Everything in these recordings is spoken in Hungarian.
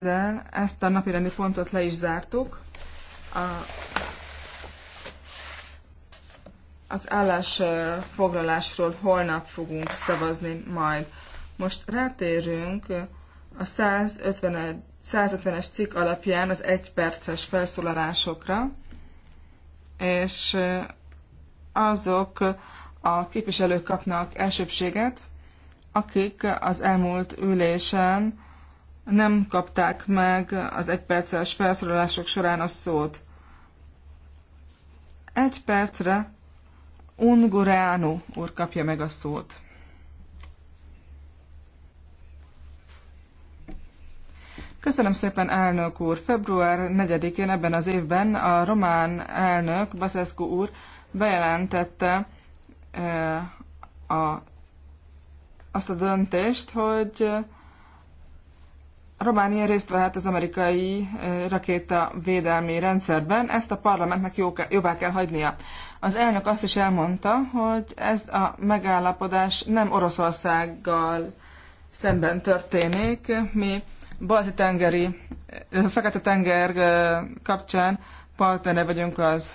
ezzel ezt a napirendi pontot le is zártuk. A, az állásfoglalásról holnap fogunk szavazni majd. Most rátérünk a 150, 150-es cikk alapján az egyperces felszólalásokra, és azok a képviselők kapnak elsőbséget, akik az elmúlt ülésen nem kapták meg az egyperces felszólalások során a szót. Egy percre Ungureanu úr kapja meg a szót. Köszönöm szépen, elnök úr! Február 4-én ebben az évben a román elnök Basescu úr bejelentette e, a, azt a döntést, hogy Románia részt vehet az amerikai rakéta védelmi rendszerben, ezt a parlamentnek jóvá kell hagynia. Az elnök azt is elmondta, hogy ez a megállapodás nem Oroszországgal szemben történik. Mi balti tengeri, a fekete tenger kapcsán partnere vagyunk az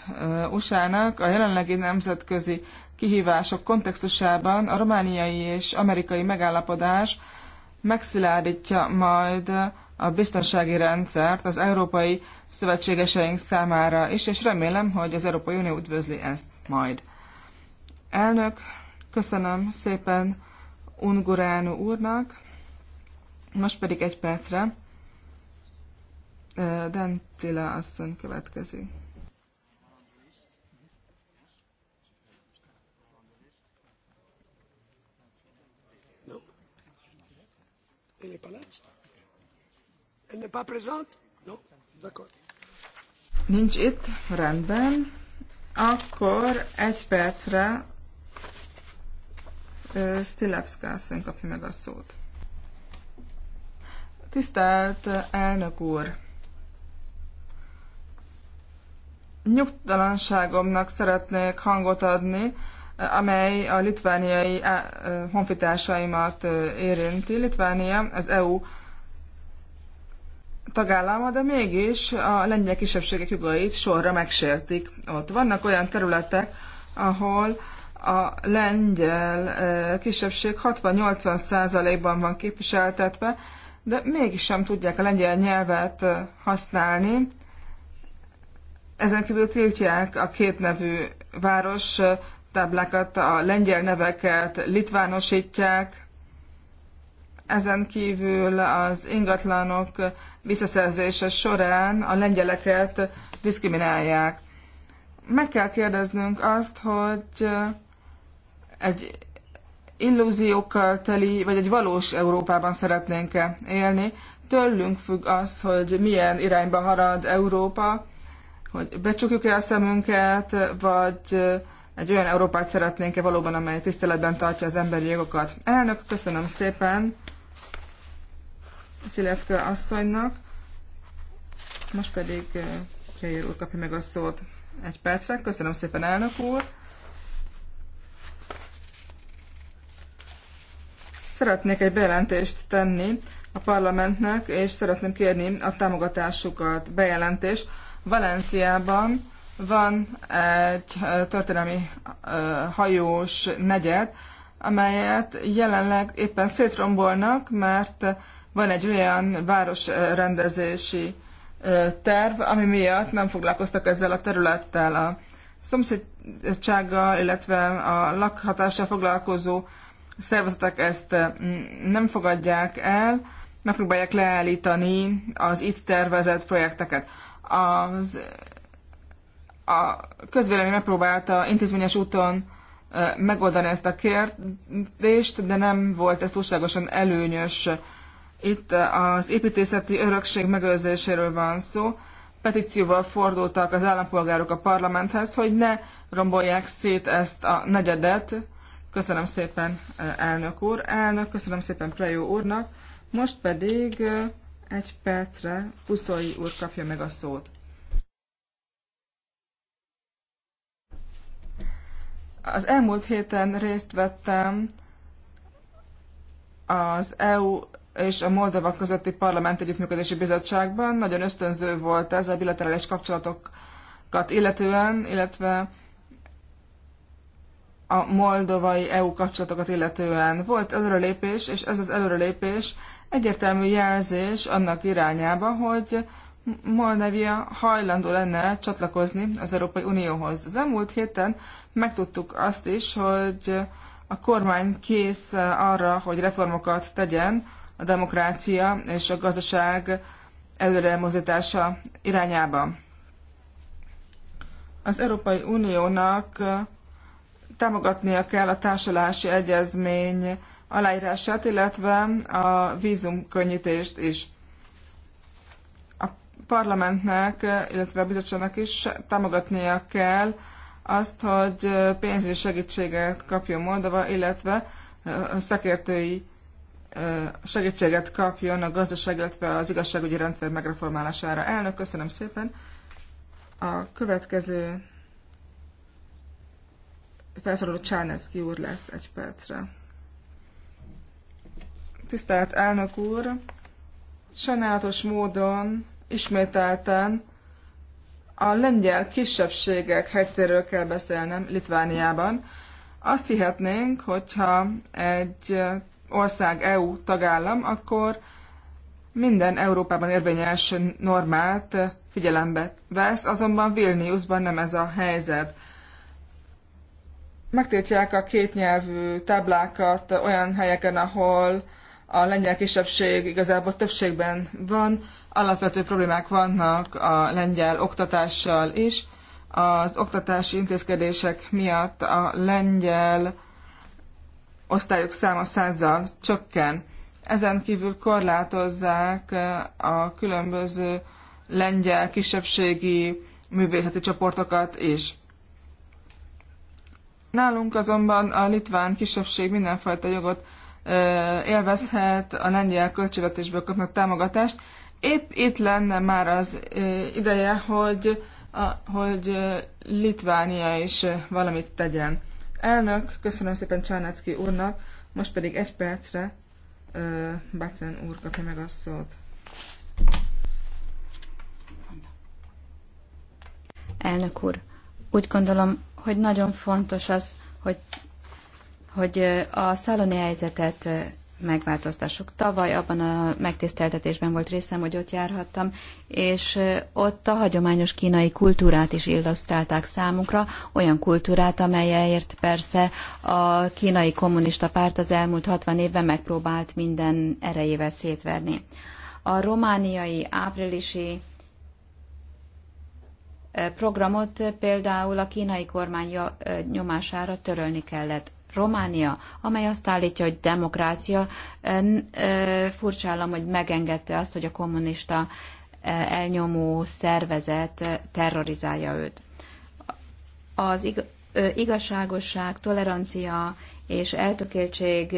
USA-nak. A jelenlegi nemzetközi kihívások kontextusában a romániai és amerikai megállapodás megszilárdítja majd a biztonsági rendszert az európai szövetségeseink számára is, és remélem, hogy az Európai Unió üdvözli ezt majd. Elnök, köszönöm szépen Unguránu úrnak, most pedig egy percre. Dencila asszony következik. Elle n'est pas là Elle n'est pas présente Non D'accord. Nincs itt, rendben. Akkor egy percre Stilevska asszony kapja meg a szót. Tisztelt elnök úr! Nyugtalanságomnak szeretnék hangot adni, amely a litvániai honfitársaimat érinti. Litvánia az EU tagállama, de mégis a lengyel kisebbségek jogait sorra megsértik ott. Vannak olyan területek, ahol a lengyel kisebbség 60-80 ban van képviseltetve, de mégis sem tudják a lengyel nyelvet használni. Ezen kívül tiltják a kétnevű város táblákat, a lengyel neveket litvánosítják, ezen kívül az ingatlanok visszaszerzése során a lengyeleket diszkriminálják. Meg kell kérdeznünk azt, hogy egy illúziókkal teli, vagy egy valós Európában szeretnénk-e élni. Tőlünk függ az, hogy milyen irányba harad Európa, hogy becsukjuk-e a szemünket, vagy egy olyan Európát szeretnénk-e valóban, amely tiszteletben tartja az emberi jogokat? Elnök, köszönöm szépen Szilevke asszonynak. Most pedig Jair eh, úr kapja meg a szót egy percre. Köszönöm szépen, elnök úr. Szeretnék egy bejelentést tenni a parlamentnek, és szeretném kérni a támogatásukat. Bejelentés Valenciában van egy történelmi hajós negyed, amelyet jelenleg éppen szétrombolnak, mert van egy olyan városrendezési terv, ami miatt nem foglalkoztak ezzel a területtel. A szomszédsággal, illetve a lakhatással foglalkozó szervezetek ezt nem fogadják el, megpróbálják leállítani az itt tervezett projekteket. Az a közvélemény megpróbálta intézményes úton megoldani ezt a kérdést, de nem volt ez túlságosan előnyös. Itt az építészeti örökség megőrzéséről van szó. Petícióval fordultak az állampolgárok a parlamenthez, hogy ne rombolják szét ezt a negyedet. Köszönöm szépen, elnök úr. Elnök, köszönöm szépen Prejó úrnak. Most pedig egy percre Puszói úr kapja meg a szót. Az elmúlt héten részt vettem az EU és a Moldova közötti parlament együttműködési bizottságban. Nagyon ösztönző volt ez a bilaterális kapcsolatokat illetően, illetve a moldovai EU kapcsolatokat illetően. Volt előrelépés, és ez az előrelépés egyértelmű jelzés annak irányába, hogy Moldavia hajlandó lenne csatlakozni az Európai Unióhoz. Az elmúlt héten megtudtuk azt is, hogy a kormány kész arra, hogy reformokat tegyen a demokrácia és a gazdaság előremozítása irányába. Az Európai Uniónak támogatnia kell a társulási egyezmény aláírását, illetve a vízumkönnyítést is parlamentnek, illetve a bizottságnak is támogatnia kell azt, hogy pénzügyi segítséget kapjon Moldova, illetve szakértői segítséget kapjon a gazdaság, illetve az igazságügyi rendszer megreformálására. Elnök, köszönöm szépen. A következő felszólaló Csáneszki úr lesz egy percre. Tisztelt elnök úr! Sajnálatos módon ismételten a lengyel kisebbségek helyzetéről kell beszélnem Litvániában. Azt hihetnénk, hogyha egy ország EU tagállam, akkor minden Európában érvényes normát figyelembe vesz, azonban Vilniusban nem ez a helyzet. Megtiltják a kétnyelvű táblákat olyan helyeken, ahol a lengyel kisebbség igazából többségben van, alapvető problémák vannak a lengyel oktatással is. Az oktatási intézkedések miatt a lengyel osztályok száma százzal csökken. Ezen kívül korlátozzák a különböző lengyel kisebbségi művészeti csoportokat is. Nálunk azonban a litván kisebbség mindenfajta jogot élvezhet, a lengyel költségvetésből kapnak támogatást, Épp itt lenne már az ideje, hogy, a, hogy Litvánia is valamit tegyen. Elnök, köszönöm szépen Csánecki úrnak, most pedig egy percre Bacen úr kapja meg a szót. Elnök úr, úgy gondolom, hogy nagyon fontos az, hogy, hogy a szaloni helyzetet megváltoztassuk. Tavaly abban a megtiszteltetésben volt részem, hogy ott járhattam, és ott a hagyományos kínai kultúrát is illusztrálták számunkra, olyan kultúrát, amelyért persze a kínai kommunista párt az elmúlt 60 évben megpróbált minden erejével szétverni. A romániai áprilisi programot például a kínai kormány nyomására törölni kellett. Románia, amely azt állítja, hogy demokrácia, furcsa hogy megengedte azt, hogy a kommunista elnyomó szervezet terrorizálja őt. Az ig- igazságosság, tolerancia és eltökéltség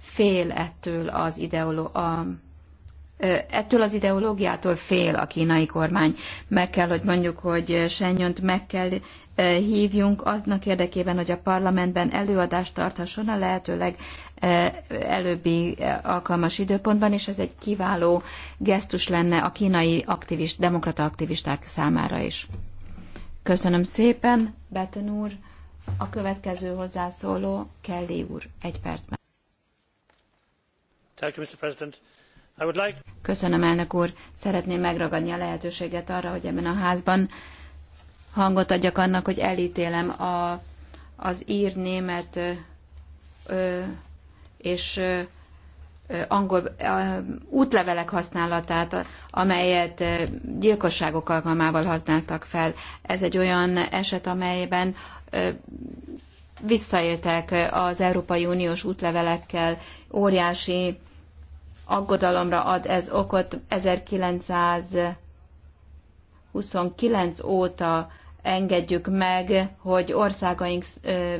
fél ettől az, ideoló, a, ettől az ideológiától fél a kínai kormány. Meg kell, hogy mondjuk, hogy Senyönt meg kell hívjunk aznak érdekében, hogy a parlamentben előadást tarthasson a lehetőleg előbbi alkalmas időpontban, és ez egy kiváló gesztus lenne a kínai aktivist, demokrata aktivisták számára is. Köszönöm szépen, Beten úr. A következő hozzászóló Kelly úr, egy percben. Köszönöm, elnök úr. Szeretném megragadni a lehetőséget arra, hogy ebben a házban hangot adjak annak, hogy elítélem a, az ír, német ö, és ö, angol ö, útlevelek használatát, amelyet gyilkosságok alkalmával használtak fel. Ez egy olyan eset, amelyben ö, visszaéltek az Európai Uniós útlevelekkel, óriási aggodalomra ad ez okot 1929 óta engedjük meg, hogy országaink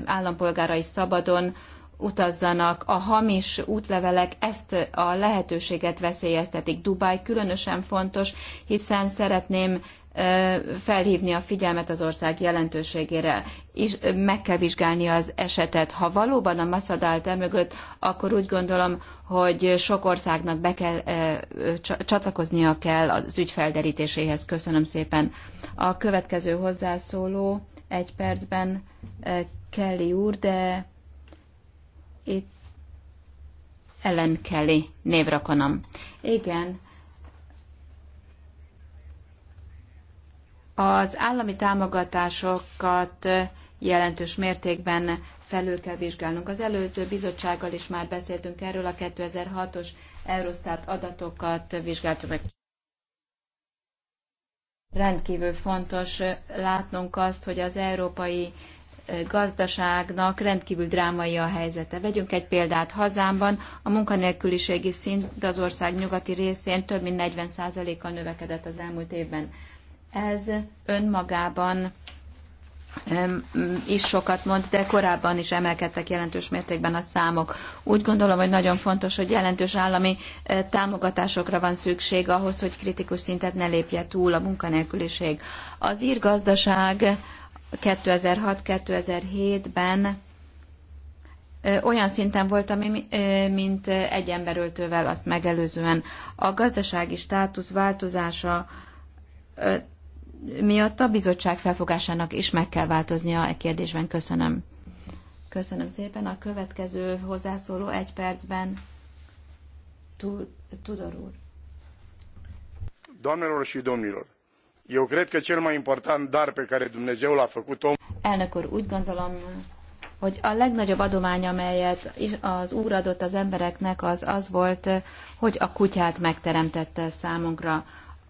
állampolgárai szabadon utazzanak. A hamis útlevelek ezt a lehetőséget veszélyeztetik. Dubaj különösen fontos, hiszen szeretném felhívni a figyelmet az ország jelentőségére, és meg kell vizsgálni az esetet. Ha valóban a Massad állt el mögött, akkor úgy gondolom, hogy sok országnak be kell, csatlakoznia kell az ügy felderítéséhez. Köszönöm szépen. A következő hozzászóló egy percben Kelly úr, de itt Ellen Kelly névrakonom. Igen, Az állami támogatásokat jelentős mértékben felül kell vizsgálnunk. Az előző bizottsággal is már beszéltünk erről, a 2006-os Eurostat adatokat vizsgáltuk meg. Rendkívül fontos látnunk azt, hogy az európai eh, gazdaságnak rendkívül drámai a helyzete. Vegyünk egy példát hazámban, a munkanélküliségi szint az ország nyugati részén több mint 40%-kal növekedett az elmúlt évben. Ez önmagában is sokat mond, de korábban is emelkedtek jelentős mértékben a számok. Úgy gondolom, hogy nagyon fontos, hogy jelentős állami eh, támogatásokra van szükség ahhoz, hogy kritikus szintet ne lépje túl a munkanélküliség. Az írgazdaság gazdaság 2006-2007-ben eh, olyan szinten volt, ami, eh, mint egy emberöltővel azt megelőzően. A gazdasági státusz változása miatt a bizottság felfogásának is meg kell változnia e kérdésben. Köszönöm. Köszönöm szépen. A következő hozzászóló egy percben Tudor úr. Doamnelor și domnilor, eu cred că cel mai important dar pe care Dumnezeu l-a făcut om... Elnök úr, úgy gondolom, hogy a legnagyobb adomány, amelyet az Úr adott az embereknek, az az volt, hogy a kutyát megteremtette számunkra.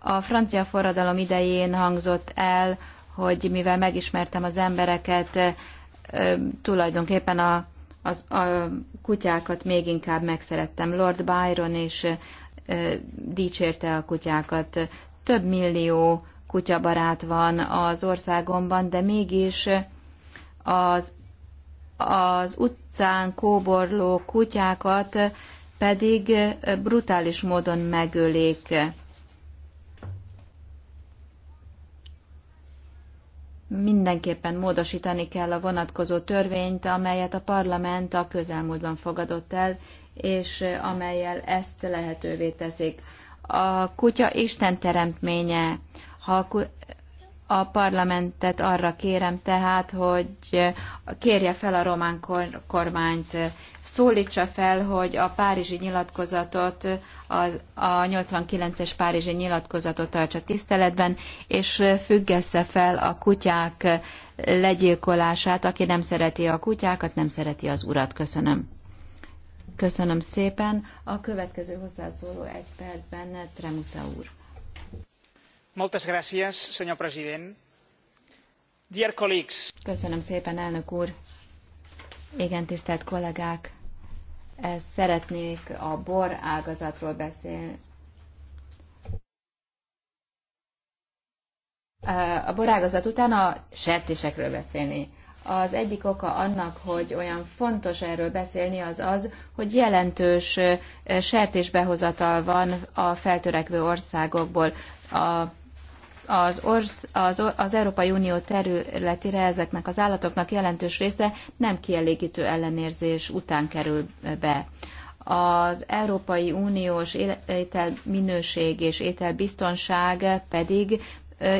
A francia forradalom idején hangzott el, hogy mivel megismertem az embereket, tulajdonképpen a, a, a kutyákat még inkább megszerettem. Lord Byron is dicsérte a kutyákat. Több millió kutyabarát van az országomban, de mégis az, az utcán kóborló kutyákat pedig brutális módon megölik. mindenképpen módosítani kell a vonatkozó törvényt, amelyet a parlament a közelmúltban fogadott el, és amelyel ezt lehetővé teszik. A kutya Isten teremtménye. Ha a a parlamentet arra kérem tehát, hogy kérje fel a román kormányt, szólítsa fel, hogy a Párizsi nyilatkozatot, a 89-es Párizsi nyilatkozatot tartsa tiszteletben, és függesse fel a kutyák legyilkolását, aki nem szereti a kutyákat, nem szereti az urat. Köszönöm. Köszönöm szépen. A következő hozzászóló egy percben Tremusza úr. Köszönöm szépen, elnök úr. Igen, tisztelt kollégák. Eh, szeretnék a bor ágazatról beszélni. Eh, a borágazat után a sertésekről beszélni. Az egyik oka annak, hogy olyan fontos erről beszélni, az az, hogy jelentős eh, sertésbehozatal van a feltörekvő országokból. A az, orsz, az, az Európai Unió területére ezeknek az állatoknak jelentős része nem kielégítő ellenérzés után kerül be. Az Európai Uniós ételminőség és ételbiztonság pedig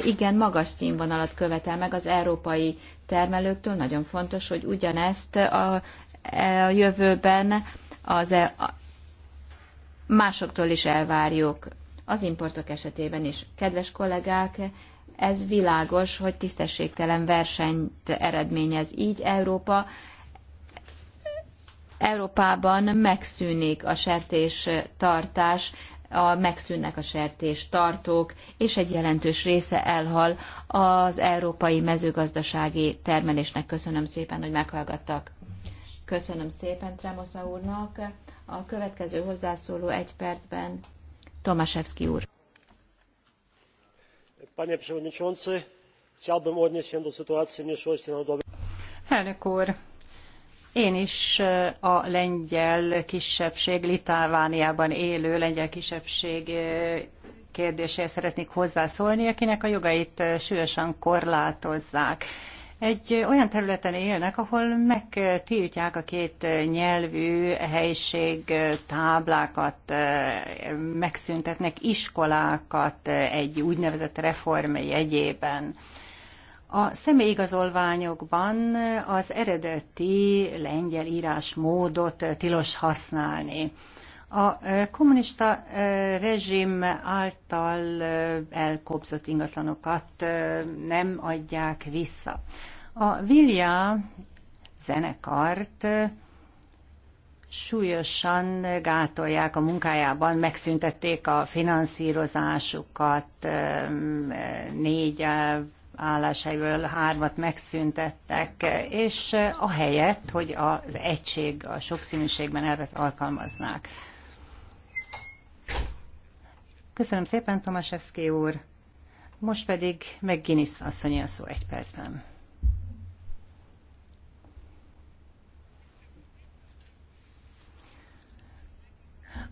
igen magas színvonalat követel meg az európai termelőktől. Nagyon fontos, hogy ugyanezt a, e, a jövőben az e-, másoktól is elvárjuk az importok esetében is. Kedves kollégák, ez világos, hogy tisztességtelen versenyt eredményez. Így Európa Európában megszűnik a sertés tartás, a, megszűnnek a sertés tartók, és egy jelentős része elhal az európai mezőgazdasági termelésnek. Köszönöm szépen, hogy meghallgattak. Köszönöm szépen Tremosza úrnak. A következő hozzászóló egy percben Tomaszewski úr. Panie Przewodniczący, chciałbym odnieść się do sytuacji mniejszości narodowej. Elnök úr, én is e, a lengyel kisebbség, Litávániában élő lengyel kisebbség e, kérdéséhez szeretnék hozzászólni, akinek a jogait e, súlyosan korlátozzák egy olyan területen élnek, ahol megtiltják a két nyelvű helység táblákat, megszüntetnek iskolákat egy úgynevezett reform jegyében. A személyigazolványokban az eredeti lengyel írásmódot tilos használni. A kommunista rezsim által elkobzott ingatlanokat nem adják vissza. A Vilja zenekart súlyosan gátolják a munkájában, megszüntették a finanszírozásukat, négy állásaiból hármat megszüntettek, és a helyet, hogy az egység, a sokszínűségben elvet alkalmaznák. Köszönöm szépen, Tomaszewski úr. Most pedig meg Guinness asszonyi a szó egy percben.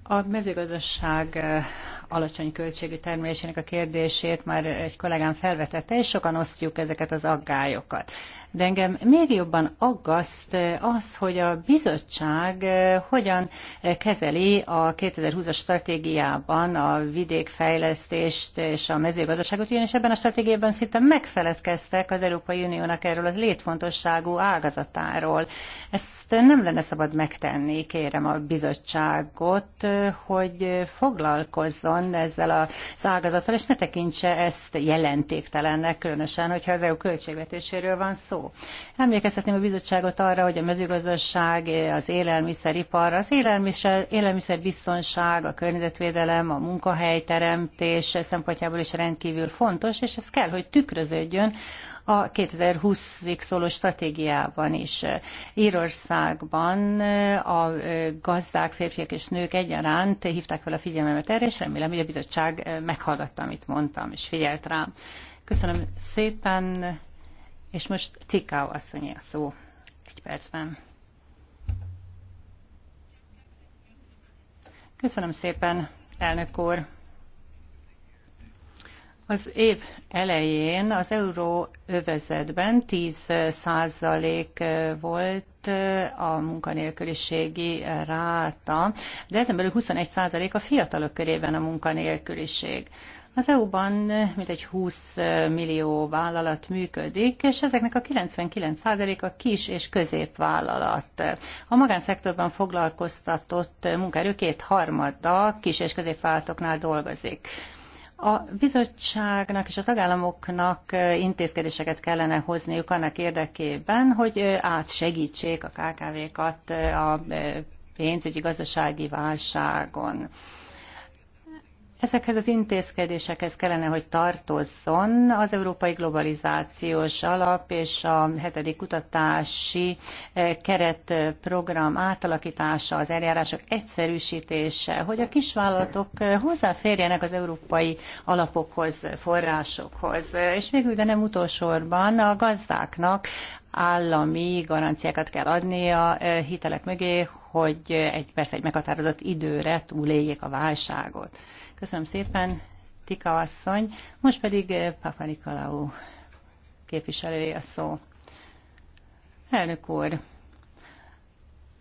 A mezőgazdaság eh, alacsony költségű termelésének a kérdését már egy kollégám felvetette, és sokan osztjuk ezeket az aggályokat de engem még jobban aggaszt az, hogy a bizottság eh, hogyan eh, kezeli a 2020-as stratégiában a vidékfejlesztést és a mezőgazdaságot, ugyanis ebben a stratégiában szinte megfeledkeztek az Európai Uniónak erről az létfontosságú ágazatáról. Ezt nem lenne szabad megtenni, kérem a bizottságot, eh, hogy foglalkozzon ezzel az ágazattal, és ne tekintse ezt jelentéktelennek, különösen, hogyha az EU költségvetéséről van szó. Emlékeztetném a bizottságot arra, hogy a mezőgazdaság, az élelmiszeripar, az élelmiszer, élelmiszerbiztonság, a környezetvédelem, a munkahelyteremtés szempontjából is rendkívül fontos, és ez kell, hogy tükröződjön a 2020-ig szóló stratégiában is. Írországban a gazdák, férfiak és nők egyaránt hívták fel a figyelmemet erre, és remélem, hogy a bizottság meghallgatta, amit mondtam, és figyelt rám. Köszönöm szépen. És most Cikáó asszonyi a szó egy percben. Köszönöm szépen, elnök úr. Az év elején az euróövezetben 10 százalék volt a munkanélküliségi ráta, de ezen belül 21 százalék a fiatalok körében a munkanélküliség. Az EU-ban mintegy 20 millió vállalat működik, és ezeknek a 99%-a kis és középvállalat. A magánszektorban foglalkoztatott munkaerő kétharmada kis és középvállalatoknál dolgozik. A bizottságnak és a tagállamoknak intézkedéseket kellene hozniuk annak érdekében, hogy átsegítsék a KKV-kat a pénzügyi gazdasági válságon. Ezekhez az intézkedésekhez kellene, hogy tartozzon az Európai Globalizációs Alap és a hetedik kutatási eh, keretprogram átalakítása, az eljárások egyszerűsítése, hogy a kisvállalatok eh, hozzáférjenek az európai alapokhoz, forrásokhoz. És végül, de nem utolsóban a gazdáknak állami garanciákat kell adni a eh, hitelek mögé, hogy egy, persze egy meghatározott időre túléljék a válságot. Köszönöm szépen, Tika asszony. Most pedig eh, Papa Nikolaou képviselője a szó. Elnök úr,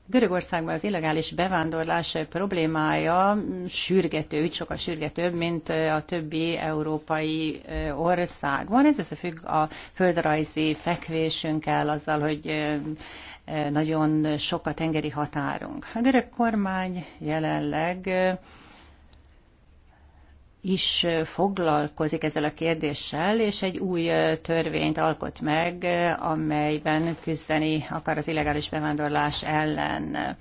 Görögországban az illegális bevándorlás problémája sürgető, úgy sokkal sürgetőbb, mint eh, a többi európai eh, országban. Ez összefügg a földrajzi fekvésünkkel, azzal, hogy nagyon sok a tengeri határunk. A görög kormány jelenleg is foglalkozik ezzel a kérdéssel, és egy új törvényt alkot meg, amelyben küzdeni akar az illegális bevándorlás ellen.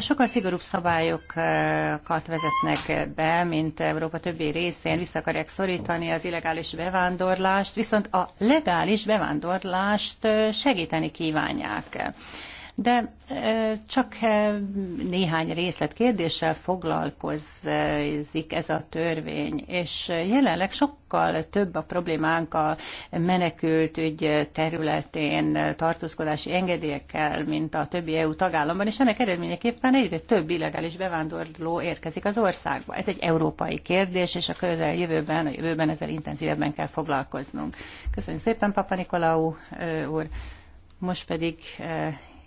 Sokkal szigorúbb szabályokat vezetnek be, mint Európa többi részén, vissza akarják szorítani az illegális bevándorlást, viszont a legális bevándorlást segíteni kívánják de csak néhány részlet kérdéssel foglalkozik ez a törvény, és jelenleg sokkal több a problémánk a menekült ügy területén tartózkodási engedélyekkel, mint a többi EU tagállamban, és ennek eredményeképpen egyre több illegális bevándorló érkezik az országba. Ez egy európai kérdés, és a közeljövőben, a jövőben ezzel intenzívebben kell foglalkoznunk. Köszönjük szépen, Papa Nikolau úr! Most pedig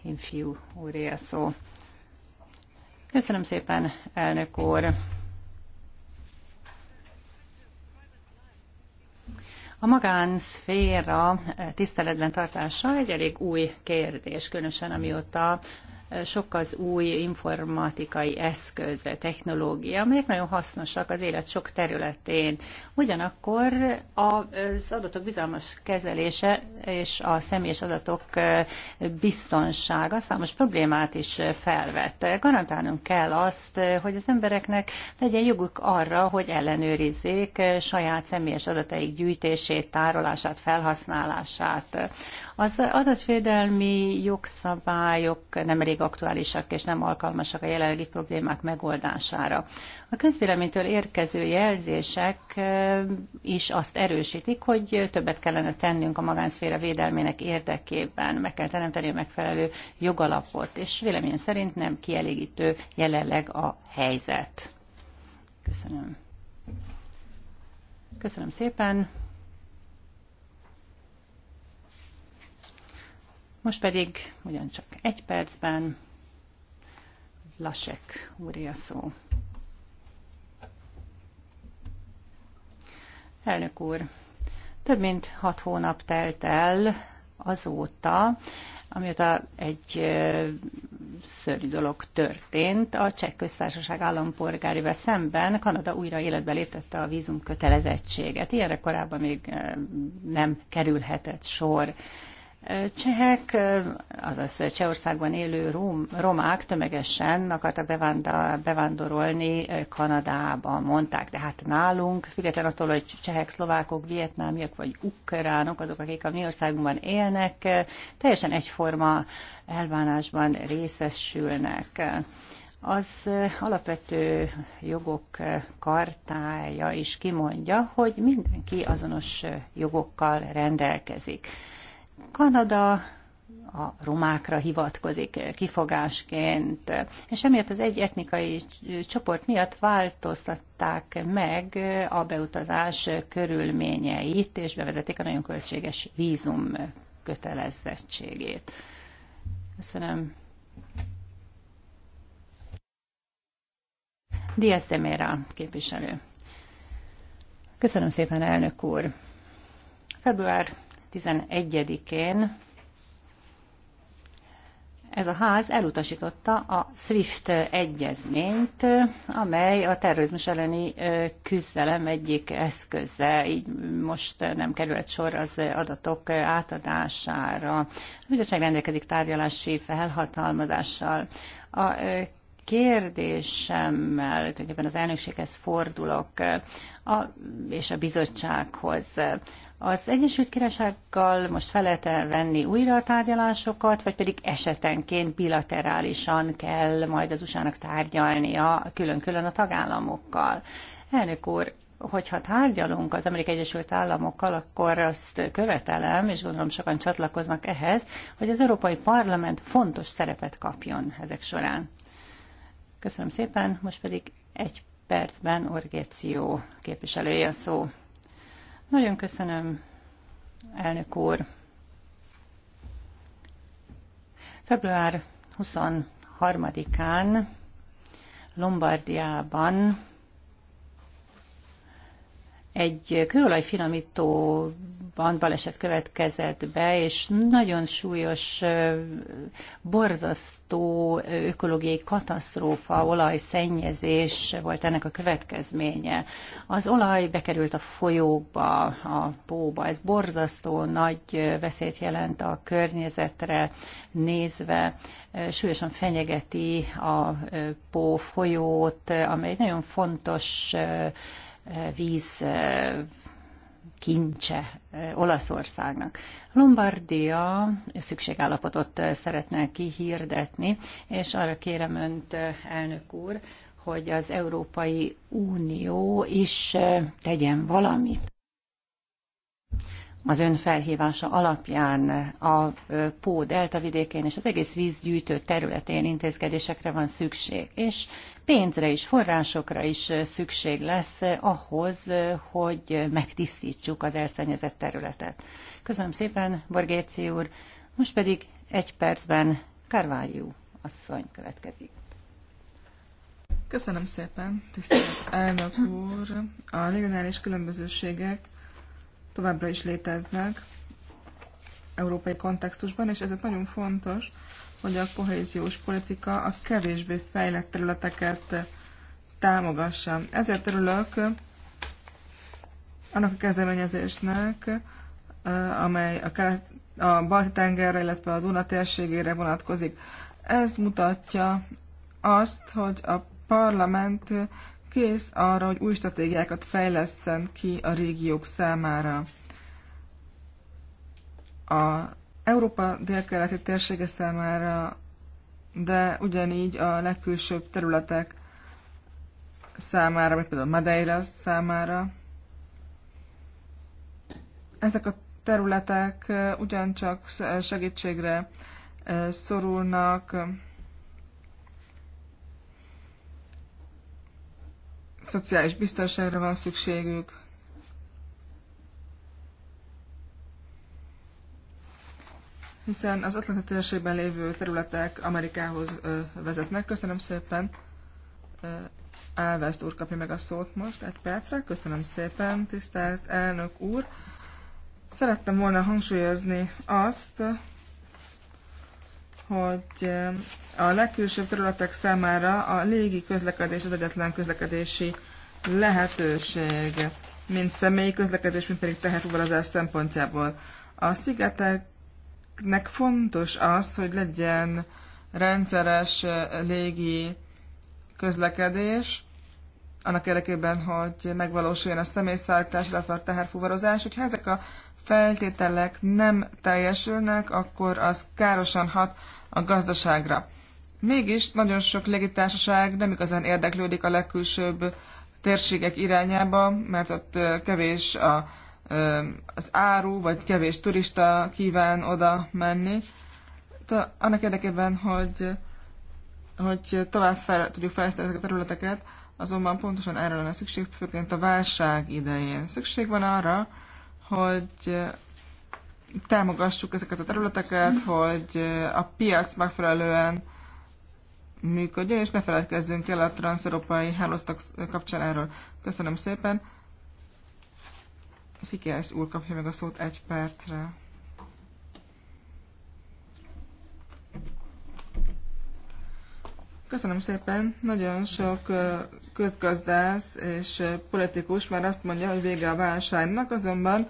Infiú úré a szó. Köszönöm szépen, elnök úr. A magánszféra tiszteletben tartása egy elég új kérdés, különösen amióta sok az új informatikai eszköz, technológia, amelyek nagyon hasznosak az élet sok területén. Ugyanakkor az adatok bizalmas kezelése és a személyes adatok biztonsága számos problémát is felvett. Garantálnunk kell azt, hogy az embereknek legyen joguk arra, hogy ellenőrizzék saját személyes adataik gyűjtését, tárolását, felhasználását. Az adatvédelmi jogszabályok nem elég aktuálisak és nem alkalmasak a jelenlegi problémák megoldására. A közvéleménytől érkező jelzések eh, is azt erősítik, hogy többet kellene tennünk a magánszféra védelmének érdekében, meg kell teremteni a megfelelő jogalapot, és vélemény szerint nem kielégítő jelenleg a helyzet. Köszönöm. Köszönöm szépen. Most pedig ugyancsak egy percben Lasek úré a szó. Elnök úr, több mint hat hónap telt el azóta, amióta egy szörnyű dolog történt. A cseh köztársaság állampolgárival szemben Kanada újra életbe léptette a vízum kötelezettséget. Ilyenre korábban még nem kerülhetett sor. Csehek, azaz Csehországban élő rom, romák tömegesen akartak bevándor, bevándorolni Kanadába, mondták, de hát nálunk, független attól, hogy csehek, szlovákok, vietnámiak vagy ukránok, azok, akik a mi országunkban élnek, teljesen egyforma elvánásban részesülnek. Az alapvető jogok kartája is kimondja, hogy mindenki azonos jogokkal rendelkezik Kanada a romákra hivatkozik kifogásként, és emiatt az egy etnikai csoport miatt változtatták meg a beutazás körülményeit, és bevezették a nagyon költséges vízum kötelezettségét. Köszönöm. Diaz de Mera képviselő. Köszönöm szépen, elnök úr. Február 11-én ez a ház elutasította a SWIFT egyezményt, amely a terrorizmus elleni küzdelem egyik eszköze, így most nem került sor az adatok átadására. A bizottság rendelkezik tárgyalási felhatalmazással. A kérdésemmel tulajdonképpen az elnökséghez fordulok, a, és a bizottsághoz. Az Egyesült Királysággal most fel lehet -e venni újra a tárgyalásokat, vagy pedig esetenként bilaterálisan kell majd az USA-nak tárgyalnia külön-külön a tagállamokkal? Elnök úr, hogyha tárgyalunk az Amerikai Egyesült Államokkal, akkor azt követelem, és gondolom sokan csatlakoznak ehhez, hogy az Európai Parlament fontos szerepet kapjon ezek során. Köszönöm szépen, most pedig egy percben Orgéció képviselője a szó. Nagyon köszönöm, elnök úr. Február 23-án Lombardiában egy kőolajfinomítóban baleset következett be, és nagyon súlyos, borzasztó ökológiai katasztrófa, olajszennyezés volt ennek a következménye. Az olaj bekerült a folyókba, a póba. Ez borzasztó nagy veszélyt jelent a környezetre nézve. Súlyosan fenyegeti a pó folyót, amely nagyon fontos víz kincse Olaszországnak. Lombardia szükségállapotot szeretne kihirdetni, és arra kérem önt, elnök úr, hogy az Európai Unió is tegyen valamit. Az ön felhívása alapján a Pó delta vidékén és az egész vízgyűjtő területén intézkedésekre van szükség, és pénzre is, forrásokra is szükség lesz ahhoz, hogy megtisztítsuk az elszennyezett területet. Köszönöm szépen, Borgéci úr. Most pedig egy percben Carvalho asszony következik. Köszönöm szépen, tisztelt elnök úr. A regionális különbözőségek továbbra is léteznek, európai kontextusban, és ezért nagyon fontos, hogy a kohéziós politika a kevésbé fejlett területeket támogassa. Ezért örülök annak a kezdeményezésnek, eh, amely a, kelet, a balti tengerre, illetve a Duna térségére vonatkozik. Ez mutatja azt, hogy a parlament kész arra, hogy új stratégiákat fejleszten ki a régiók számára a Európa délkeleti térsége számára, de ugyanígy a legkülsőbb területek számára, vagy például Madeira számára. Ezek a területek ugyancsak segítségre szorulnak, szociális biztonságra van szükségük, hiszen az Atlanti térségben lévő területek Amerikához vezetnek. Köszönöm szépen. Álveszt úr kapja meg a szót most egy percre. Köszönöm szépen, tisztelt elnök úr. Szerettem volna hangsúlyozni azt, hogy a legkülsőbb területek számára a légi közlekedés az egyetlen közlekedési lehetőség, mint személyi közlekedés, mint pedig az szempontjából. A szigetek nek fontos az, hogy legyen rendszeres légi közlekedés, annak érdekében, hogy megvalósuljon a személyszállítás, illetve a teherfuvarozás. Hogyha ezek a feltételek nem teljesülnek, akkor az károsan hat a gazdaságra. Mégis nagyon sok légitársaság nem igazán érdeklődik a legkülsőbb térségek irányába, mert ott kevés a az áru, vagy kevés turista kíván oda menni. De annak érdekében, hogy, hogy tovább fel, tudjuk fejleszteni ezeket a területeket, azonban pontosan erre lenne szükség, főként a válság idején. Szükség van arra, hogy támogassuk ezeket a területeket, hogy a piac megfelelően működjön, és ne feledkezzünk el a transzeurópai hálóztak kapcsán erről. Köszönöm szépen. Szikiász úr kapja meg a szót egy percre. Köszönöm szépen. Nagyon sok közgazdász és politikus már azt mondja, hogy vége a válságnak, azonban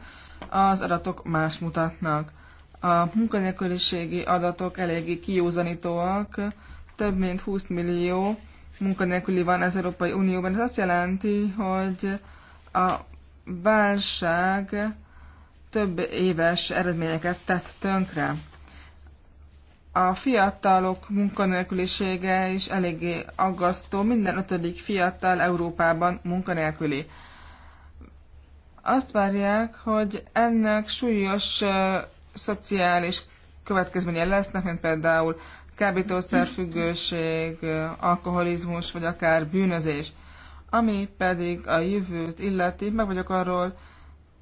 az adatok más mutatnak. A munkanélküliségi adatok eléggé kiúzanítóak, több mint 20 millió munkanélküli van az Európai Unióban. Ez azt jelenti, hogy a válság több éves eredményeket tett tönkre. A fiatalok munkanélkülisége is eléggé aggasztó, minden ötödik fiatal Európában munkanélküli. Azt várják, hogy ennek súlyos uh, szociális következménye lesznek, mint például kábítószerfüggőség, alkoholizmus, vagy akár bűnözés. Ami pedig a jövőt illeti, meg vagyok arról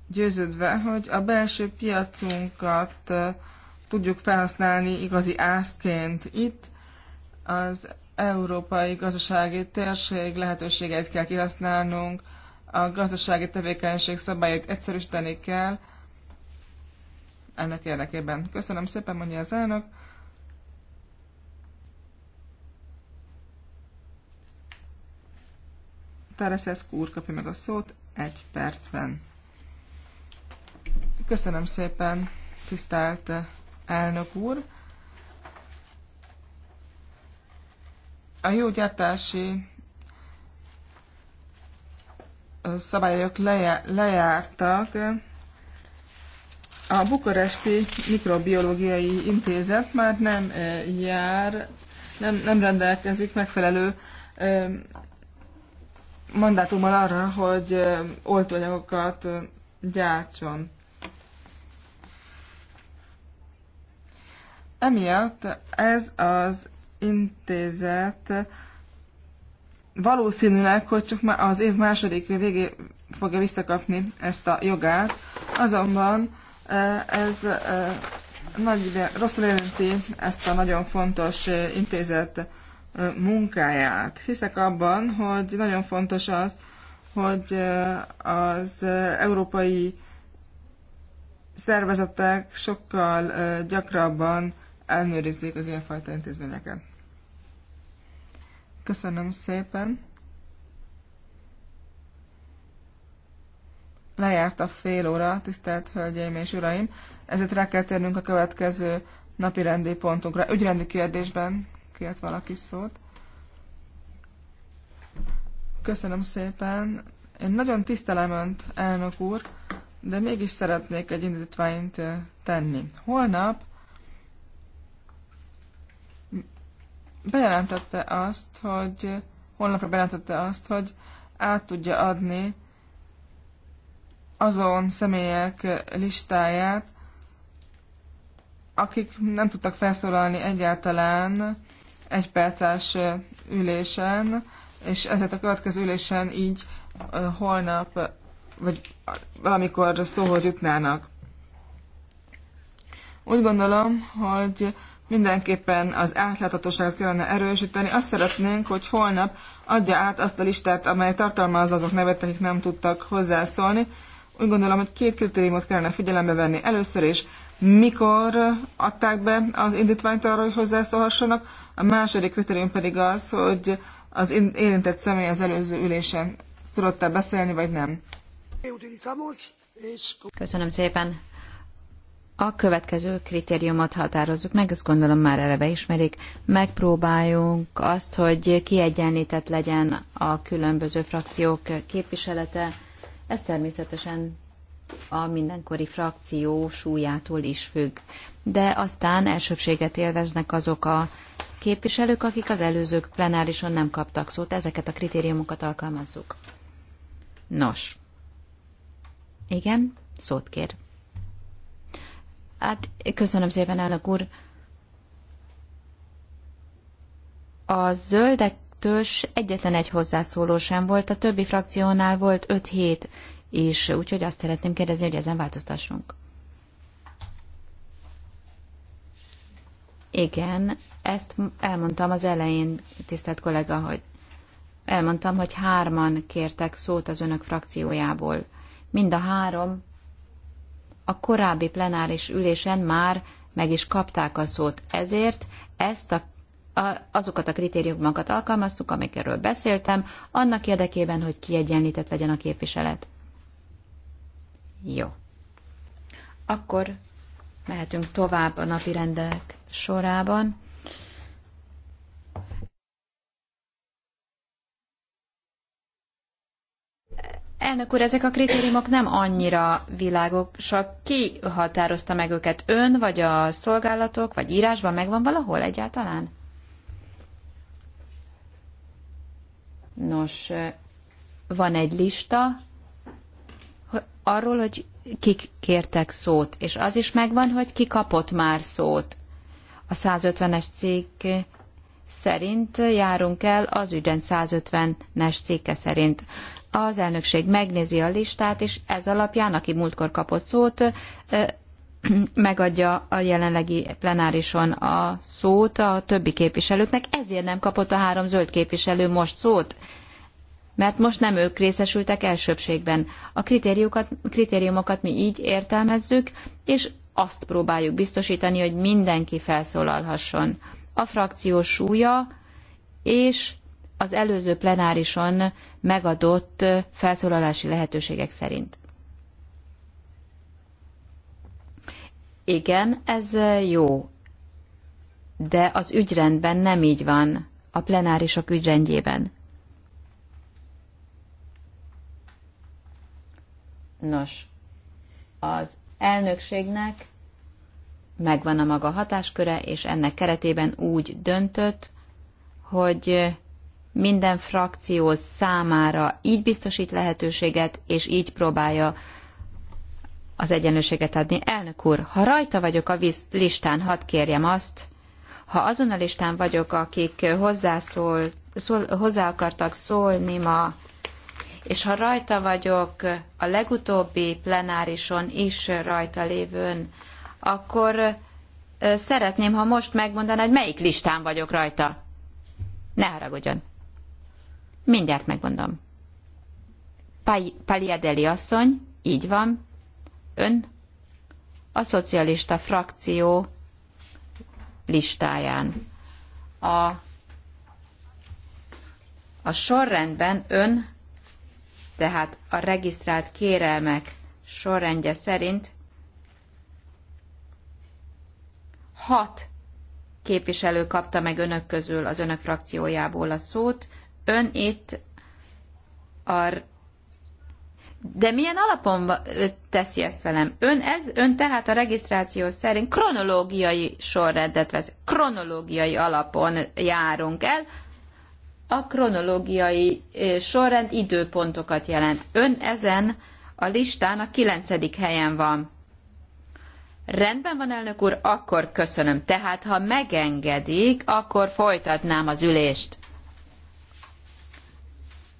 győződve, hogy a belső piacunkat tudjuk felhasználni igazi ászként itt, az európai gazdasági térség lehetőségeit kell kihasználnunk, a gazdasági tevékenység szabályait egyszerűsíteni kell, ennek érdekében. Köszönöm szépen, mondja az elnök. Tereszeszkú úr kapja meg a szót egy percben. Köszönöm szépen, tisztelt eh, elnök úr! A jó gyártási szabályok lejártak. A Bukaresti Mikrobiológiai Intézet már nem eh, jár, nem, nem rendelkezik megfelelő eh, mandátummal arra, hogy oltóanyagokat gyártson. Emiatt ez az intézet valószínűleg, hogy csak az év második végé fogja visszakapni ezt a jogát, azonban ez nagy, rosszul érinti ezt a nagyon fontos intézet munkáját. Hiszek abban, hogy nagyon fontos az, hogy az európai szervezetek sokkal gyakrabban elnőrizzék az ilyenfajta intézményeket. Köszönöm szépen. Lejárt a fél óra, tisztelt Hölgyeim és Uraim, ezért rá kell térnünk a következő napi rendi pontunkra, ügyrendi kérdésben kért valaki szót. Köszönöm szépen. Én nagyon tisztelem Önt, elnök úr, de mégis szeretnék egy indítványt tenni. Holnap bejelentette azt, hogy holnapra bejelentette azt, hogy át tudja adni azon személyek listáját, akik nem tudtak felszólalni egyáltalán egyperces ülésen, és ezért a következő ülésen így holnap, vagy valamikor szóhoz jutnának. Úgy gondolom, hogy mindenképpen az átláthatóságot kellene erősíteni. Azt szeretnénk, hogy holnap adja át azt a listát, amely tartalmazza azok nevet, akik nem tudtak hozzászólni. Úgy gondolom, hogy két kritériumot kellene figyelembe venni. Először is mikor adták be az indítványt arra, hogy hozzászólhassanak. A második kritérium pedig az, hogy az érintett személy az előző ülésen tudott-e beszélni, vagy nem. Köszönöm szépen. A következő kritériumot határozzuk meg, ezt gondolom már eleve ismerik. Megpróbáljunk azt, hogy kiegyenlített legyen a különböző frakciók képviselete. Ez természetesen a mindenkori frakció súlyától is függ. De aztán elsőbséget élveznek azok a képviselők, akik az előzők plenárison nem kaptak szót. Ezeket a kritériumokat alkalmazzuk. Nos. Igen, szót kér. Hát köszönöm szépen, elnök úr. A zöldektől egyetlen egy hozzászóló sem volt, a többi frakciónál volt 5-7 és Úgyhogy azt szeretném kérdezni, hogy ezen változtassunk. Igen, ezt elmondtam az elején, tisztelt kollega, hogy elmondtam, hogy hárman kértek szót az önök frakciójából. Mind a három a korábbi plenáris ülésen már meg is kapták a szót. Ezért ezt a, a, azokat a kritériumokat alkalmaztuk, amikről beszéltem, annak érdekében, hogy kiegyenlített legyen a képviselet. Jó. Akkor mehetünk tovább a napi rendek sorában. Elnök úr, ezek a kritériumok nem annyira világosak. Ki határozta meg őket? Ön, vagy a szolgálatok, vagy írásban megvan valahol egyáltalán? Nos, van egy lista, arról, hogy kik kértek szót, és az is megvan, hogy ki kapott már szót. A 150-es cikk szerint járunk el az ügyen 150-es cikke szerint. Az elnökség megnézi a listát, és ez alapján, aki múltkor kapott szót, megadja a jelenlegi plenárison a szót a többi képviselőknek, ezért nem kapott a három zöld képviselő most szót mert most nem ők részesültek elsőbségben. A kritériumokat, mi így értelmezzük, és azt próbáljuk biztosítani, hogy mindenki felszólalhasson. A frakció súlya és az előző plenárison megadott felszólalási lehetőségek szerint. Igen, ez jó, de az ügyrendben nem így van, a plenárisok ügyrendjében. Nos, az elnökségnek megvan a maga hatásköre, és ennek keretében úgy döntött, hogy minden frakció számára így biztosít lehetőséget, és így próbálja az egyenlőséget adni. Elnök úr, ha rajta vagyok a listán, hadd kérjem azt, ha azon a listán vagyok, akik hozzászól, szól, hozzá akartak szólni ma és ha rajta vagyok a legutóbbi plenárison is rajta lévőn, akkor szeretném, ha most megmondaná, hogy melyik listán vagyok rajta. Ne haragudjon. Mindjárt megmondom. Paliadeli asszony, így van. Ön a szocialista frakció listáján. A, a sorrendben ön tehát a regisztrált kérelmek sorrendje szerint hat képviselő kapta meg önök közül az önök frakciójából a szót. Ön itt a de milyen alapon teszi ezt velem? Ön, ez, ön tehát a regisztráció szerint kronológiai sorrendet vesz, kronológiai alapon járunk el, a kronológiai sorrend időpontokat jelent. Ön ezen a listán a kilencedik helyen van. Rendben van, elnök úr, akkor köszönöm. Tehát, ha megengedik, akkor folytatnám az ülést.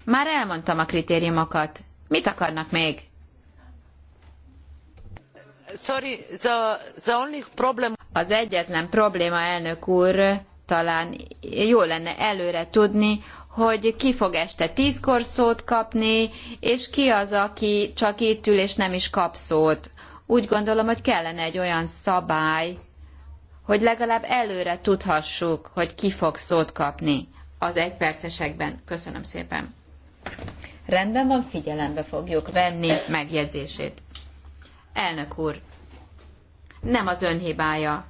Már elmondtam a kritériumokat. Mit akarnak még? Sorry, the, the only problem... Az egyetlen probléma, elnök úr, talán jó lenne előre tudni, hogy ki fog este tízkor szót kapni, és ki az, aki csak itt ül és nem is kap szót. Úgy gondolom, hogy kellene egy olyan szabály, hogy legalább előre tudhassuk, hogy ki fog szót kapni az egypercesekben. Köszönöm szépen. Rendben van, figyelembe fogjuk venni megjegyzését. Elnök úr, nem az ön hibája,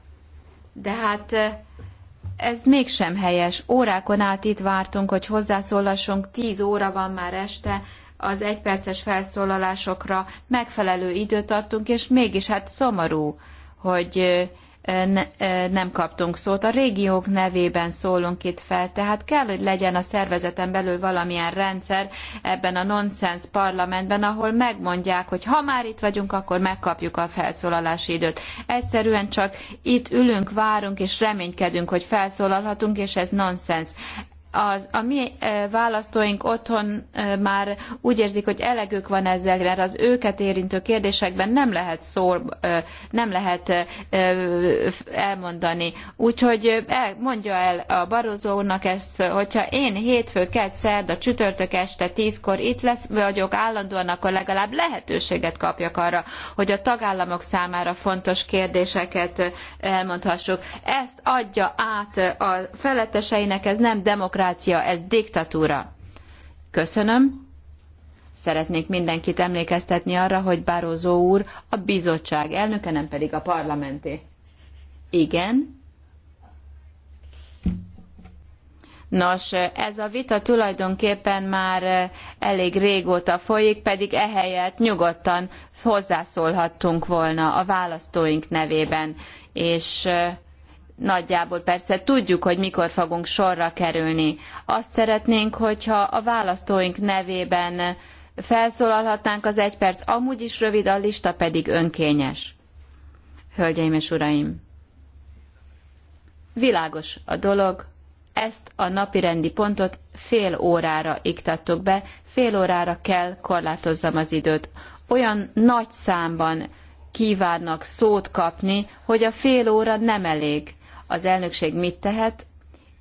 de hát ez mégsem helyes. Órákon át itt vártunk, hogy hozzászólassunk, tíz óra van már este, az egyperces felszólalásokra megfelelő időt adtunk, és mégis hát szomorú, hogy ne, nem kaptunk szót. A régiók nevében szólunk itt fel, tehát kell, hogy legyen a szervezeten belül valamilyen rendszer ebben a nonsens parlamentben, ahol megmondják, hogy ha már itt vagyunk, akkor megkapjuk a felszólalási időt. Egyszerűen csak itt ülünk, várunk és reménykedünk, hogy felszólalhatunk, és ez nonsens az, a mi választóink otthon már úgy érzik, hogy elegük van ezzel, mert az őket érintő kérdésekben nem lehet szó, nem lehet elmondani. Úgyhogy mondja el a barozónak úrnak ezt, hogyha én hétfő, kedd, szerda, csütörtök este tízkor itt lesz, vagyok állandóan, akkor legalább lehetőséget kapjak arra, hogy a tagállamok számára fontos kérdéseket elmondhassuk. Ezt adja át a feletteseinek, ez nem demokrácia demokrácia, ez diktatúra. Köszönöm. Szeretnék mindenkit emlékeztetni arra, hogy Bározó úr a bizottság elnöke, nem pedig a parlamenté. Igen. Nos, ez a vita tulajdonképpen már elég régóta folyik, pedig ehelyett nyugodtan hozzászólhattunk volna a választóink nevében, és Nagyjából persze tudjuk, hogy mikor fogunk sorra kerülni. Azt szeretnénk, hogyha a választóink nevében felszólalhatnánk az egy perc, amúgy is rövid, a lista pedig önkényes. Hölgyeim és uraim! Világos a dolog, ezt a napirendi pontot fél órára iktattuk be, fél órára kell korlátozzam az időt. Olyan nagy számban kívánnak szót kapni, hogy a fél óra nem elég az elnökség mit tehet,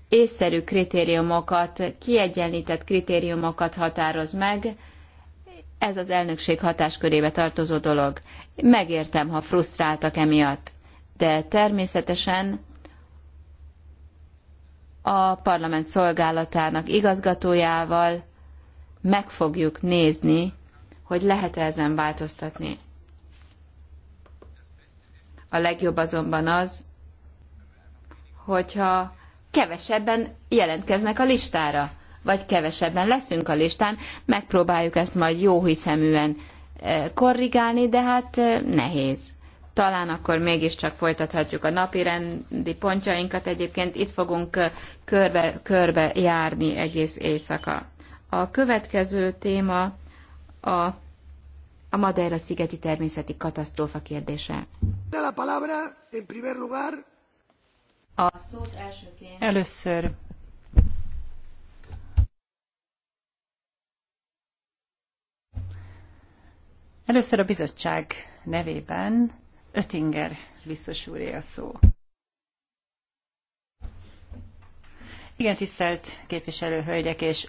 észszerű kritériumokat, kiegyenlített kritériumokat határoz meg, ez az elnökség hatáskörébe tartozó dolog. Megértem, ha frusztráltak emiatt, de természetesen a parlament szolgálatának igazgatójával meg fogjuk nézni, hogy lehet-e ezen változtatni. A legjobb azonban az, hogyha kevesebben jelentkeznek a listára, vagy kevesebben leszünk a listán, megpróbáljuk ezt majd jó hiszeműen e, korrigálni, de hát e, nehéz. Talán akkor mégiscsak folytathatjuk a napi rendi pontjainkat. Egyébként itt fogunk e, körbe, körbe járni egész éjszaka. A következő téma a, a Madeira szigeti természeti katasztrófa kérdése. La palabra, en primer lugar, a szót elsőként... Először Először a bizottság nevében Ötinger biztos úré a szó. Igen, tisztelt képviselőhölgyek és